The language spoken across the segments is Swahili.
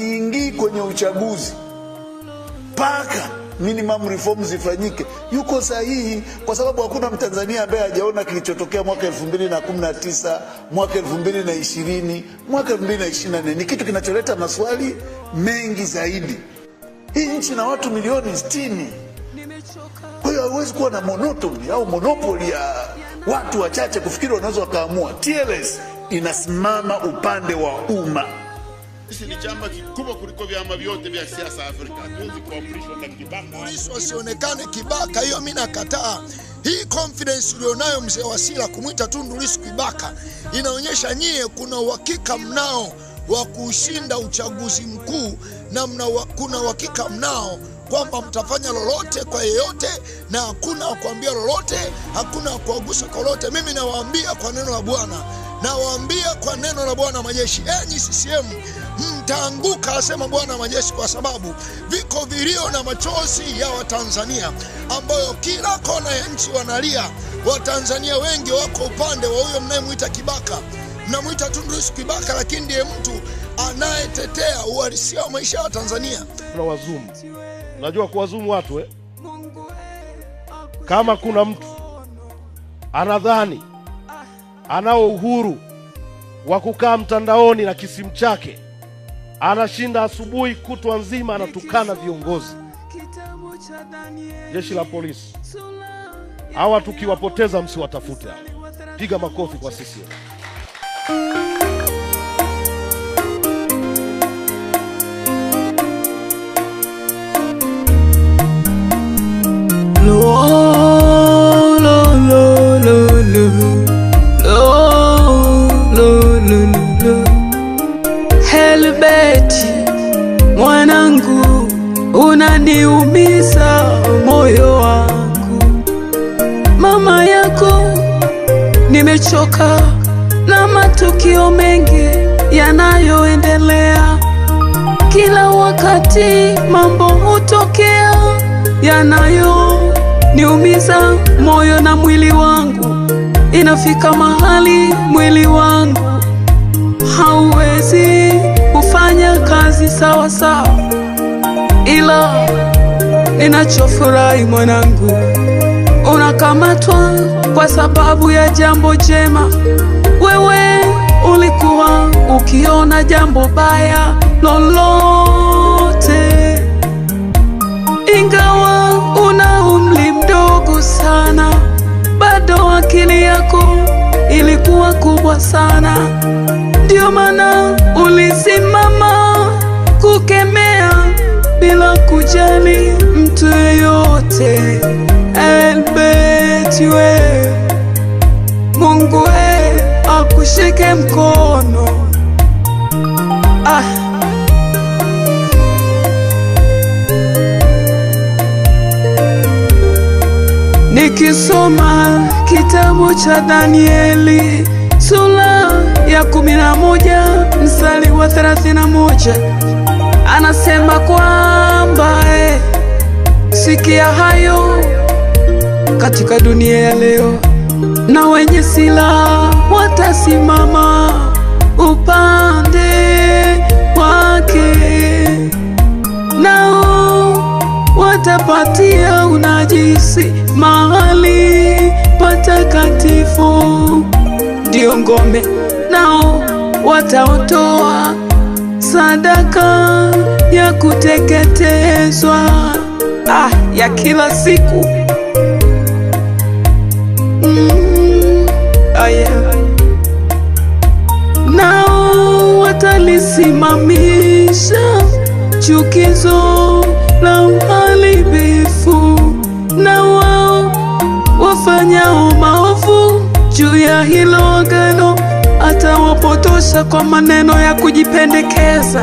asiingii kwenye uchaguzi mpaka minimum reform zifanyike, yuko sahihi, kwa sababu hakuna Mtanzania ambaye hajaona kilichotokea mwaka 2019, mwaka 2020, mwaka 2024. Ni kitu kinacholeta maswali mengi zaidi. Hii nchi na watu milioni 60, kwa hiyo hauwezi kuwa na monotony au monopoli ya watu wachache kufikiri wanaweza wakaamua. TLS inasimama upande wa umma. Sisi ni chama kikubwa kuliko vyama vyote vya siasa Afrika. kibaka. wasionekane kibaka, hiyo mimi nakataa. Hii confidence ulionayo mzee Wasira kumwita Tundu Lissu kibaka inaonyesha nyie kuna uhakika mnao wa kushinda uchaguzi mkuu na mna wa, kuna uhakika mnao kwamba mtafanya lolote kwa yeyote na hakuna kuambia lolote, hakuna kuagusa lolote. Mimi nawaambia kwa neno la Bwana nawaambia kwa neno la Bwana majeshi, enyi CCM mtaanguka, asema Bwana majeshi, kwa sababu viko vilio na machozi ya Watanzania ambayo kila kona ya nchi wanalia. Watanzania wengi wako upande wa huyo mnayemwita Kibaka, mnamwita Tundu Lissu Kibaka, lakini ndiye mtu anayetetea uhalisia wa maisha ya Watanzania. Na wazumu, najua kuwazumu watu eh? Kama kuna mtu anadhani anao uhuru wa kukaa mtandaoni na kisimu chake, anashinda asubuhi kutwa nzima anatukana viongozi, jeshi la polisi. Hawa tukiwapoteza msiwatafute, piga makofi kwa sisi. nimechoka na matukio mengi yanayoendelea kila wakati, mambo hutokea yanayoniumiza moyo na mwili wangu. Inafika mahali mwili wangu hauwezi kufanya kazi sawa sawa, ila ninachofurahi mwanangu, unakamatwa kwa sababu ya jambo jema. Wewe ulikuwa ukiona jambo baya lolote, ingawa una umri mdogo sana, bado akili yako ilikuwa kubwa sana, ndio maana ulisimama kukemea bila kujali mtu yeyote. nikushike mkono ah. Nikisoma kitabu cha Danieli sura ya kumi na moja mstari wa thelathini na moja anasema kwamba eh, sikia hayo katika dunia ya leo na wenye silaha wata mahali patakatifu ndio ngome, nao wataotoa sadaka ya kuteketezwa ah, ya kila siku mm, ah, yeah. Nao watalisimamisha chukizo la uhalifu kufanya maovu juu ya hilo agano, atawapotosha kwa maneno ya kujipendekeza.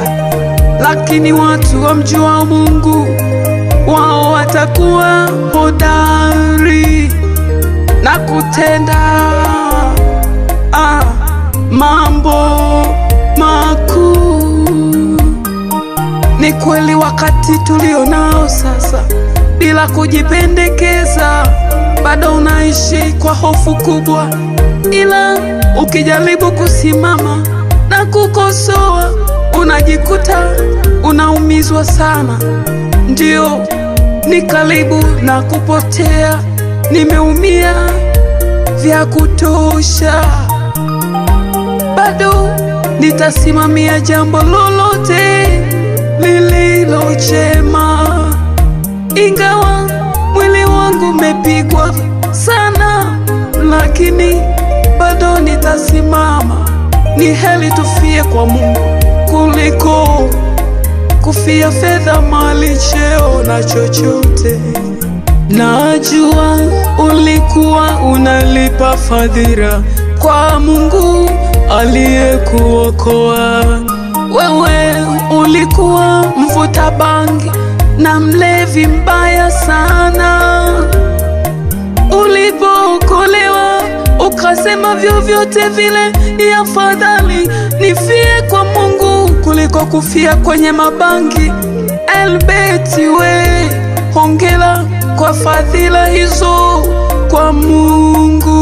Lakini watu wamjuao Mungu wao watakuwa hodari na kutenda ah, mambo makuu. Ni kweli wakati tulio nao sasa bila kujipendekeza bado unaishi kwa hofu kubwa, ila ukijaribu kusimama na kukosoa unajikuta unaumizwa sana. Ndio, ni karibu na kupotea, nimeumia vya kutosha, bado nitasimamia jambo lolote lililochema inga lakini bado nitasimama. Ni heri tufie kwa Mungu kuliko kufia fedha, mali, cheo na chochote. Najua ulikuwa unalipa fadhila kwa Mungu aliyekuokoa wewe. Ulikuwa mvuta bangi na mlevi mbaya sana, ulipookolewa Akasema vyovyote vile ya fadhali nifie kwa Mungu kuliko kufia kwenye mabangi. Elbeti we, hongera kwa fadhila hizo kwa Mungu.